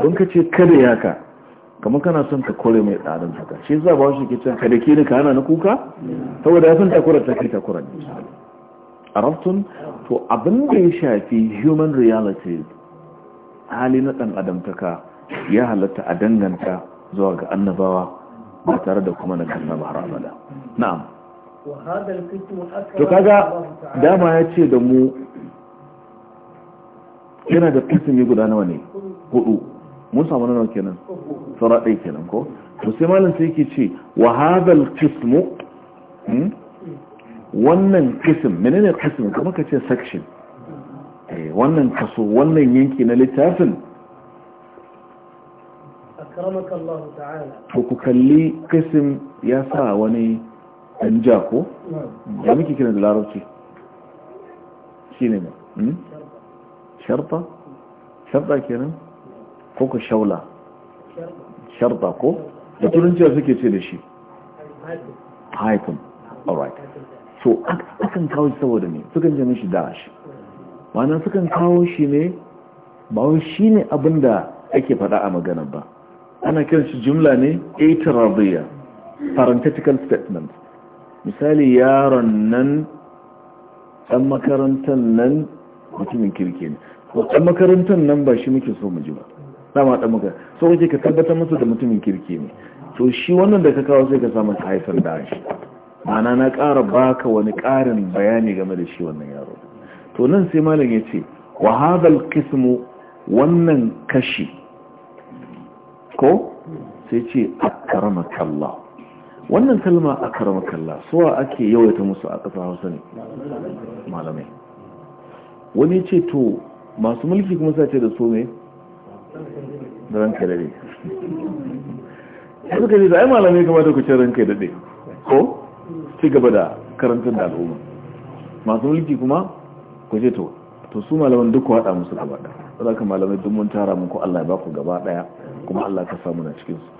don ka ce kada ya ka. kamar kana son ka kore mai tsarin haka shi za ba shi ke can ka da ke ni ka hana na kuka saboda ya sun takurar ta kai takurar a raftun to abin da ya shafi human realities hali na ɗan adamtaka ya halatta a danganta zuwa ga annabawa ba tare da kuma na kanna ba har abada na'am to kaga dama ya ce da mu yana da kusurmi guda nawa ne hudu mun samu na nawa kenan sura ɗai kenan ko to sai malam sai yake ce wa hadal qismu hmm? wannan qism menene qism kuma kace section eh wannan kaso wannan yanki na littafin akramaka Allah ta'ala to ku kalli qism ya sa wani dan jako da muke kiran da larabci shine ne hmm? sharta sharta kenan ko ku shaula sharba ko da turanci suke ce da shi haifin. alright so akan kawo shi saboda ne sukan jami shi da shi ma'ana sukan kawo shi ne ba wani shi ne abin da ake faɗa a magana ba ana kiran shi jumla ne itiradiyya parenthetical statement misali yaron nan ɗan makarantar nan mutumin kirki ne ɗan makarantar nan ba shi muke so mu ji ba dama da muka so kake ka tabbatar musu da mutumin kirki ne to shi wannan da ka kawo sai ka samu haifar da shi ma'ana na ƙara baka wani ƙarin bayani game da shi wannan yaro to nan sai malam ya ce wa hadal qismu wannan kashi ko sai ce akramaka Allah wannan kalma akramaka Allah suwa ake yawaita musu a ƙasar Hausa ne malamai wani ce to masu mulki kuma sace da su ne da ranka daɗe suka ce da ai malamai kamata da kucin ranka daɗe ko ci gaba da karantar da al'umma masu mulki kuma ku ce to to su malaman duk haɗa musu gaba ɗaya za ka malamai duk mun tara muku Allah ya ba ku gaba ɗaya kuma Allah ka samu na cikin su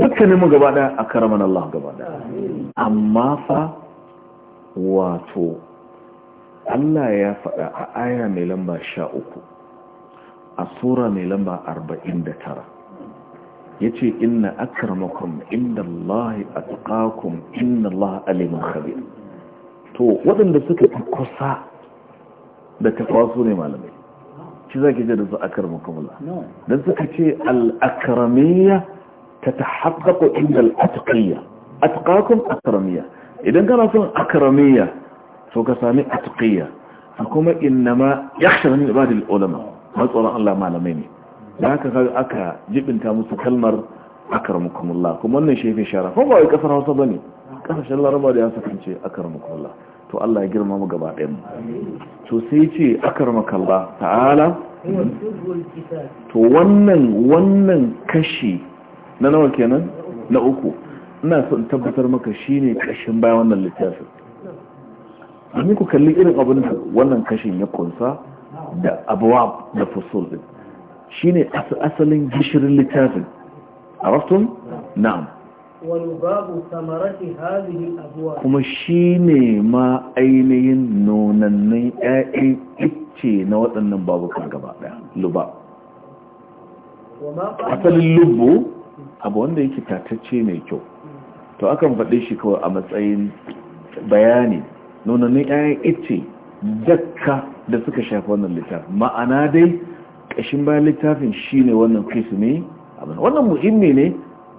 dukkanin mu gaba ɗaya a karaman Allah gaba ɗaya amma fa wato Allah ya faɗa a aya mai lamba sha uku a sura mai lamba 49 ya ce inna akarmakum inda Allah a tsakakun inda Allah alimun khabir to waɗanda suka fi kusa da takwa su ne malamai ci za ki ce da su akarmakum Allah don suka ce al'akaramiyya ta ta haƙaƙo inda al'atakiyya tsakakun akaramiyya idan kana son akaramiyya to ka sami atakiyya a kuma innama ya shirin wani ibadil ulama matsoron Allah malamai ne da haka kaga aka jibinta musu kalmar akarmukumullah kuma wannan shi yake shara ko ba wai kasar Hausa bane kasashen Laraba da ya sakance akarmukumullah to Allah ya girma mu gaba ɗayan to sai ce akarmakallah ta'ala to wannan wannan kashi na nawa kenan na uku ina son tabbatar maka shine kashin bayan wannan littafin domin ku kalli irin abin da wannan kashin ya kunsa da abuwa da fusul din shi asalin gishirin littafin a rastun na'am kuma shi ne ma ainihin nonannin ‘ya'yan ice na waɗannan babukan gaba ɗaya luba asalin lubu abu wanda yake tatacce mai kyau to akan faɗe shi kawai a matsayin bayani nonannin ‘ya'yan ice dakka da suka shafi wannan littafin ma'ana dai ƙashin bayan littafin shi ne wannan kristu ne abin wannan muhimmi ne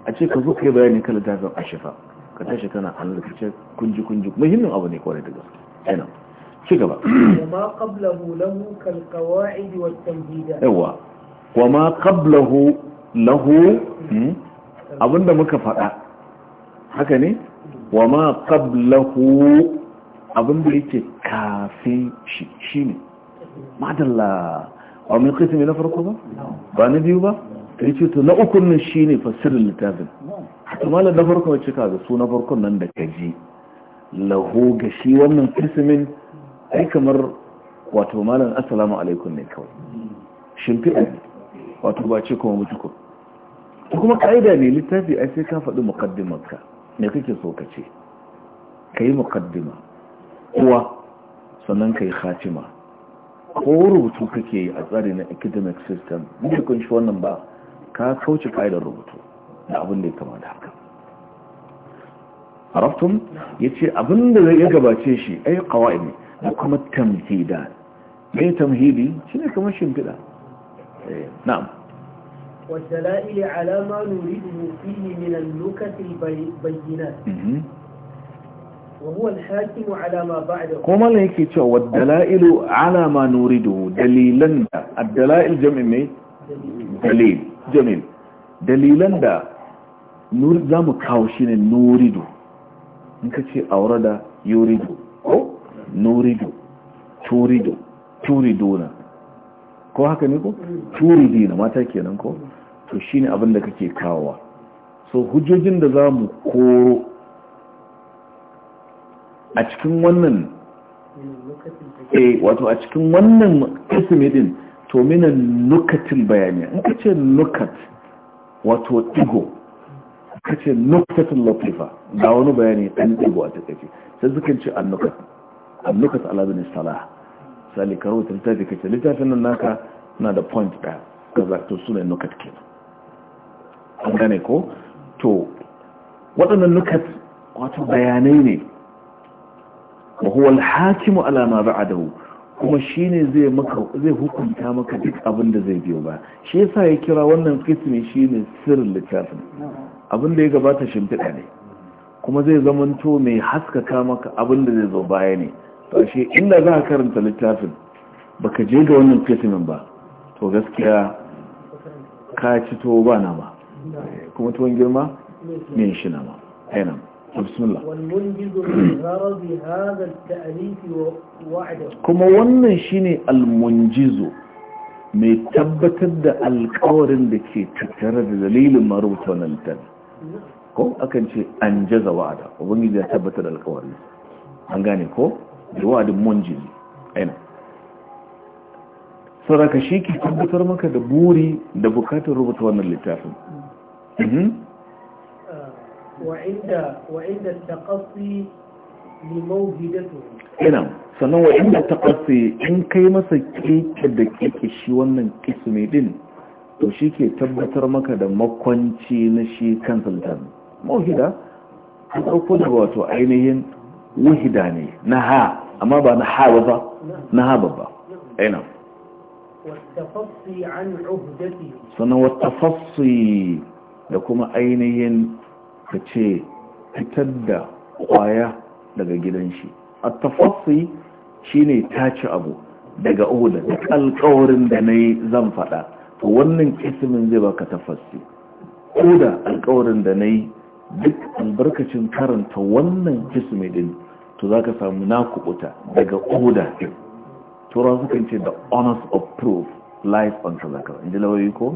a ce ka zo kai bayani kan littafin ashifa ka tashi kana an rikice kunji kunji muhimmin abu ne kwarai da gaske ina ci gaba wama qablahu lahu kal qawaid wat tamhida yawa wama qablahu lahu hmm, abinda muka faɗa haka ne wama qablahu abin da yake kafin shi ne madalla a mai kai na farko ba ba na biyu ba ya ce to na ukun nan shine fasirin littafin haka ma na farko wacce ka ga su na farkon nan da kaji laho ga shi wannan kismin ai kamar wato malam assalamu alaikum ne kawai shimfiɗa wato ba ce kuma mutukun ko kuma ka'ida ne littafi ai sai ka faɗi muqaddimarka me kake so ka ce Ka yi muqaddima kowa sannan ka yi khatima ko rubutu kake yi a tsari na academic system da kun shi wannan ba ka kauce ka'idar rubutu da abin da ya kama da haka arabtum ya ce abin da zai iya gabace shi ai kawai ne da kuma tamhida mai tamhidi shi ne kamar shimfiɗa eh, na'am والدلائل على ما نريده فيه من النكت البينات kuma ne yake cewa Dala'ilu ala ma nuridu dalilan da Dala'il jami'in ne dalil jami'in dalilan da za mu kawo shi ne nuridu in ka ce aure da yuridu ko nuridu turidu turiduna ko haka ne ko turidina mata kenan ko to shine abin da kake kawowa so hujjojin da za mu koro a cikin wannan eh wato a cikin wannan ismi din to minan nukatin bayaniya in ce nukat wato digo ce nukatin latifa da wani bayani ɗan digo a take sai suka ce annukat annukat ala bin salah sai karo ta ka ce littafin nan naka na da point da kaza to ne nukat ke an gane ko to waɗannan nukat wato bayanai ne wa huwa alama hakimu a ma kuma shine zai zai hukunta maka duk abin da zai biyo ba shi yasa ya kira wannan shi ne sirrin littafin abin da ya gabata shimfiɗa ne kuma zai zamanto mai haskaka maka abin da zai zo baya ne to shi inda za ka karanta littafin baka je ga wannan qismin ba to gaskiya ka ci to ba na ba eh, kuma tuwon girma ne shi na ma ainihin بسم الله wannan shine almunjizo mai tabbatar da alƙawarin da ke tattare da dalilin marubuta wannan littafi ko akan ce an jaza wa'ada ubangiji ya tabbatar da alƙawarin an gane ko da wa'adin munjizi aina saraka shi ke tabbatar maka da buri da bukatar rubuta wannan littafin وعند وعند التقصي لموجدته نعم sannan wa inda ta ƙasa in kai masa keke da keke shi wannan kisme din to shi ke tabbatar maka da makwanci na shi kan sultan mawahida a ɗauko daga wato ainihin wahida ne na ha amma ba na ha ba na ha babba ainihin sannan wata fassi da kuma ainihin ka ce fitar da kwaya daga gidan shi a tafafi shi ne taci abu daga oda da duk alkawarin da na yi zan faɗa to wannan kisimin zai baka tafasi ko da alkawarin da na yi duk albarkacin karanta wannan kisimi din to za ka samu na kubuta daga oda. tura sukan ce the honors of proof life on kazakar in ji lawayi ko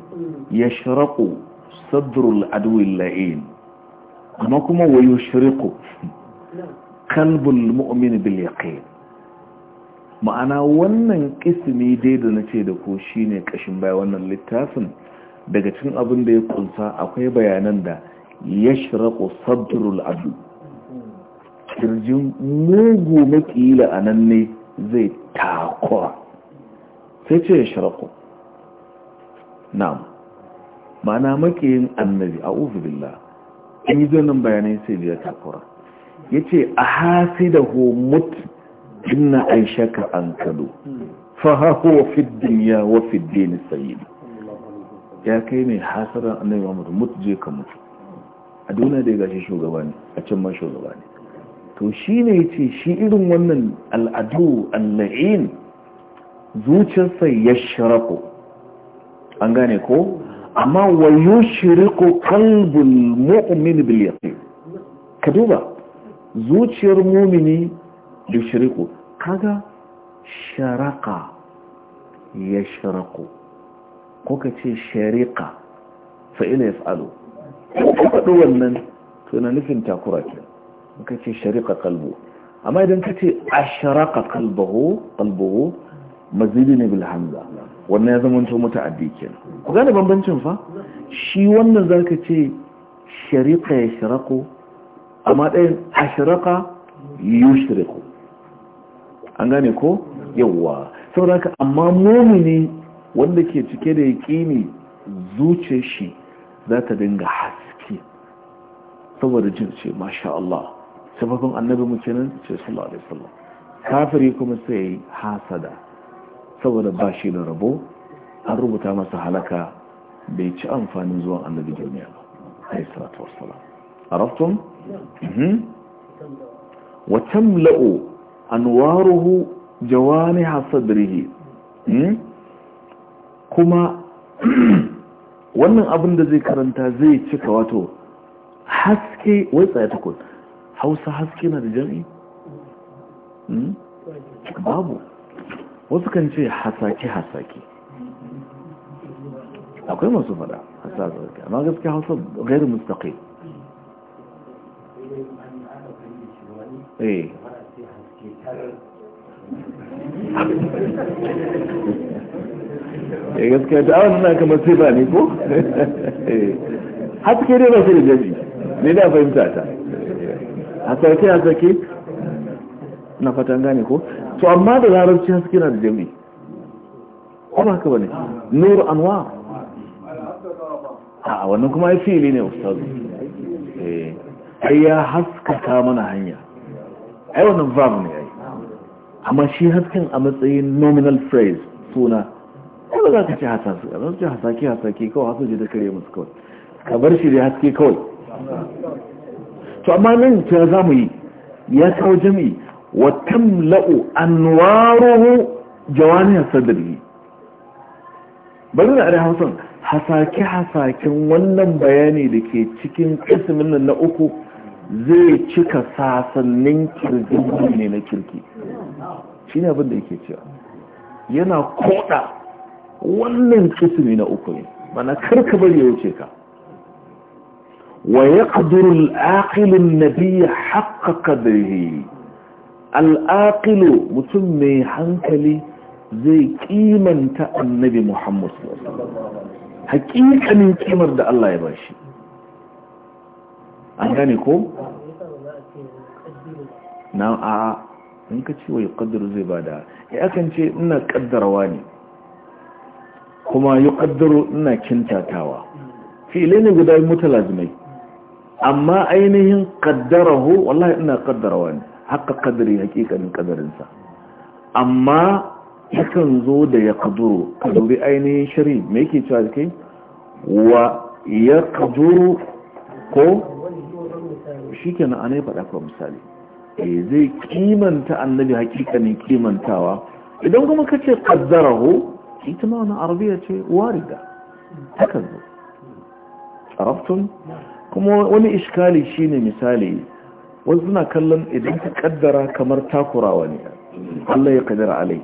ya shiraku sadrul adwil la'in amma kuma wa yi shiriku kalbul mu'min bil yaqin ma'ana wannan kismi dai da na ce da ko shine ƙashin baya wannan littafin daga cikin abin da ya kunsa akwai bayanan da ya shiraku sadrul adu mugu makila a ne zai takura sai ce ya shiraku na'am ma'ana makiyin annabi a uzubillah in yi zonin bayanai sai biya takura ya ce a hasi da homut inna shaka an kado fahaho fiddin ya wa ni sayidi ya kai mai hasarar annabi wa mutu je ka mutu a duniya da ya gashi shugaba ne a can ma shugaba ne to shi ne ya ce shi irin wannan al'adu alla'in zuciyarsa ya shirako an gane ko amma wayo shiriku kalbin mu'min bil ka duba zuciyar mumini shiriku. kaga sharaka yashraku ko ka ce sharika fa ina yaf'alu ko faɗo wannan to na nufin takura ke ce sharika qalbu amma idan ka ce asharaka qalbuhu kalbaho. mazili ne bil hamza wannan ya zama to muta'addi kenan ku gane bambancin fa shi wannan zaka ce shariqa yashraqu amma ɗayan ashraqa yushriqu an gane ko yawa saboda haka amma mumini wanda ke cike da yaqini zuce shi za ta dinga haske saboda jin ce masha Allah sababin annabi mu kenan ce sallallahu alaihi wasallam kafiri kuma sai hasada saboda ba shi da rabo an rubuta masa halaka bai ci amfanin zuwan annabi duniya ba alayhi salatu wassalam araftum mhm. wa tamla'u anwaruhu jawaniha sadrihi mhm. kuma wannan abin da zai karanta zai cika wato haske wai tsaye takwas hausa haske na da jami'i hmm? babu wasu kan ce hasake-hasake akwai masu fada hasake amma gaskiya hausa gairu mustaƙi eh ya eh, gaskiya da awon na kamar sai ba ne ko? Eh. haske dai ba su da jami ne da fahimta ta eh, hasake hasake na fatan gane ko to amma da larabci haske na da jami kuma haka bane nur anwa a wannan kuma ya fili ne ustazu eh ai ya haskaka mana hanya ai wannan verb ne ai amma shi hasken a matsayin nominal phrase suna kuma za ka ci hasaki za ce hasaki hasaki kawai hasu ji da kare musu kawai ka bar shi da haske kawai to amma nan ta za mu yi ya kawo jami'i wa tamla'u anwaruhu jawani sadri bari na are Hausa, hasake hasaken wannan bayani da ke cikin kasimin nan na uku zai cika sasannin kirgin ne na kirki shi ne abin da yake cewa yana koda wannan kisimi na uku ne mana karka bari ya wuce ka wa ya ƙadurul aƙilin nabiya haƙa yi. al'aƙilo mutum mai hankali zai kimanta annabi muhammad haƙiƙanin kimar da Allah ya ba shi an gane ko? na a in ka ce wai ƙaddar zai ba da ya eh, akan ce ina ƙaddarawa ne kuma yi ƙaddaro ina kintatawa Fili ne guda yi mutalazimai amma ainihin ƙaddarahu wallahi ina ƙaddarawa ne haka kadari hakikanin kadarinsa amma yakan zo da ya kaduru ka dubi ainihin shari mai ke cewa kai wa ya kaduru ko shi kenan ana yi faɗa kawai misali e zai kimanta annabi hakikanin kimantawa idan kuma ka ce kaddarahu ita ma wani arabiya ce warida hakan zo tsaraftun kuma wani iskali shine misali wasu suna kallon idan ka kaddara kamar takurawa ne Allah ya kaddara alai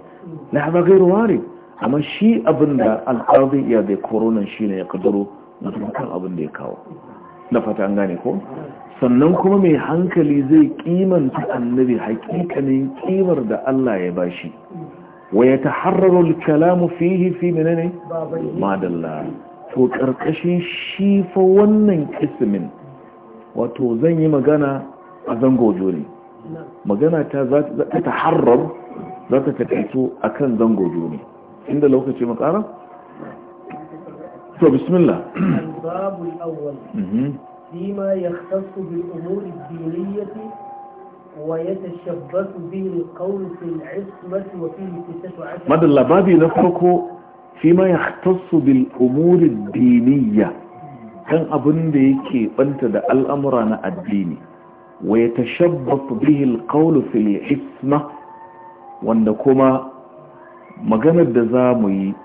na haɗa gairu ware amma shi abin da alƙazi ya zai koronan shi ne ya kaddaro na kan abin da ya kawo na fata an gane ko sannan kuma mai hankali zai kimanta annabi hakikanin kimar da Allah ya bashi wa ya taharraru kalamu fihi fi menene madalla to karkashin shi fa wannan kismin wato zan yi magana a zango jure magana ta za ta taharrar za ta taƙaito a kan zango jure inda lokaci makara? to bismillah babu al'awwal فيما يختص بالأمور الدينية ويتشبث به القول في العصمة وفيه تسعة عشر ماذا الله بابي نفرقه فيما يختص بالأمور الدينية كان أبن ديكي أنت دا الأمر أنا الديني ويتشبط به القول في الحسمة wanda kuma maganar da za mu yi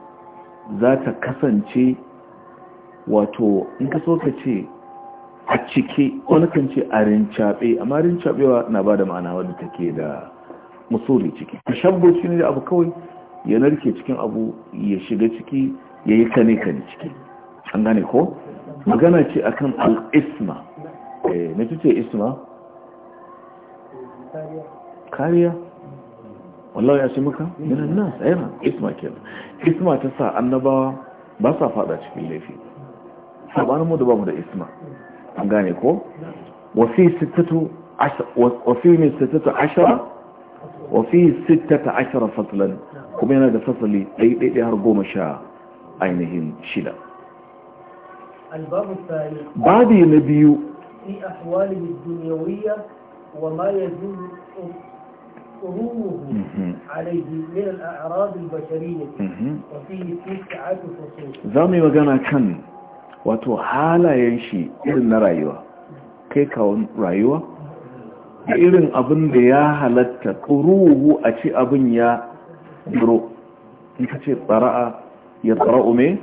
za ta kasance wato in ka so ka ce a cike wani kan ce a rincaɓe amma rincaɓewa na ba da ma'ana wadda take da musuli ciki ta shabboci ne da abu kawai ya narke cikin abu ya shiga ciki ya yi kane kane ciki an gane ko magana ce akan isma na ce isma kariya wallahi ya ce muka minan nan yana isma kenan isma ta sa annabawa ba sa fada cikin laifi sabanin mu da ba mu da isma an gane ko wafi sittatu wafi min sittatu ashara wafi sittata ashara fatlan kuma yana da fasali ɗaiɗaiɗai har goma sha ainihin shida babi na biyu وما يجوز قروه عليه من الأعراض البشرية وفيه تسعة فصول زامي وقنا كان wato halayen shi irin na rayuwa kai kawon rayuwa da irin abin da ya halatta ƙuruhu a ci abin ya duro in ka ce tsara'a ya tsara'u mai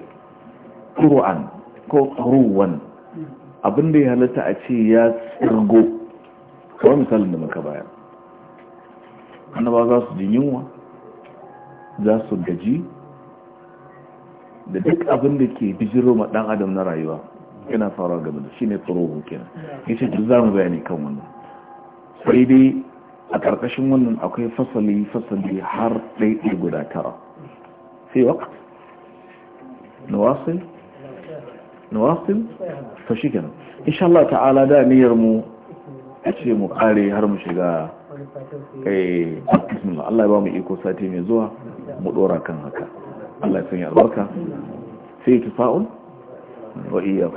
ƙuru'an ko ƙuruwan abin da ya halatta a ce ya tsirgo kawai misalin da muka bayar annaba za su jin yunwa za su gaji da duk abin da ke bijiro ma dan adam na rayuwa yana faruwa game da shi ne tsoron kenan ya ce duk za mu bayani kan wannan sai dai a ƙarƙashin wannan akwai fasali fasali har dai guda tara sai wa nawasil nawasil to shi kenan insha Allah ta'ala da niyyar mu ya ce mu kare har mu shiga eh Allah ya ba mu iko sati mai zuwa mu dora kan haka Allah ya sanya albarka sai tufa'un wa iya.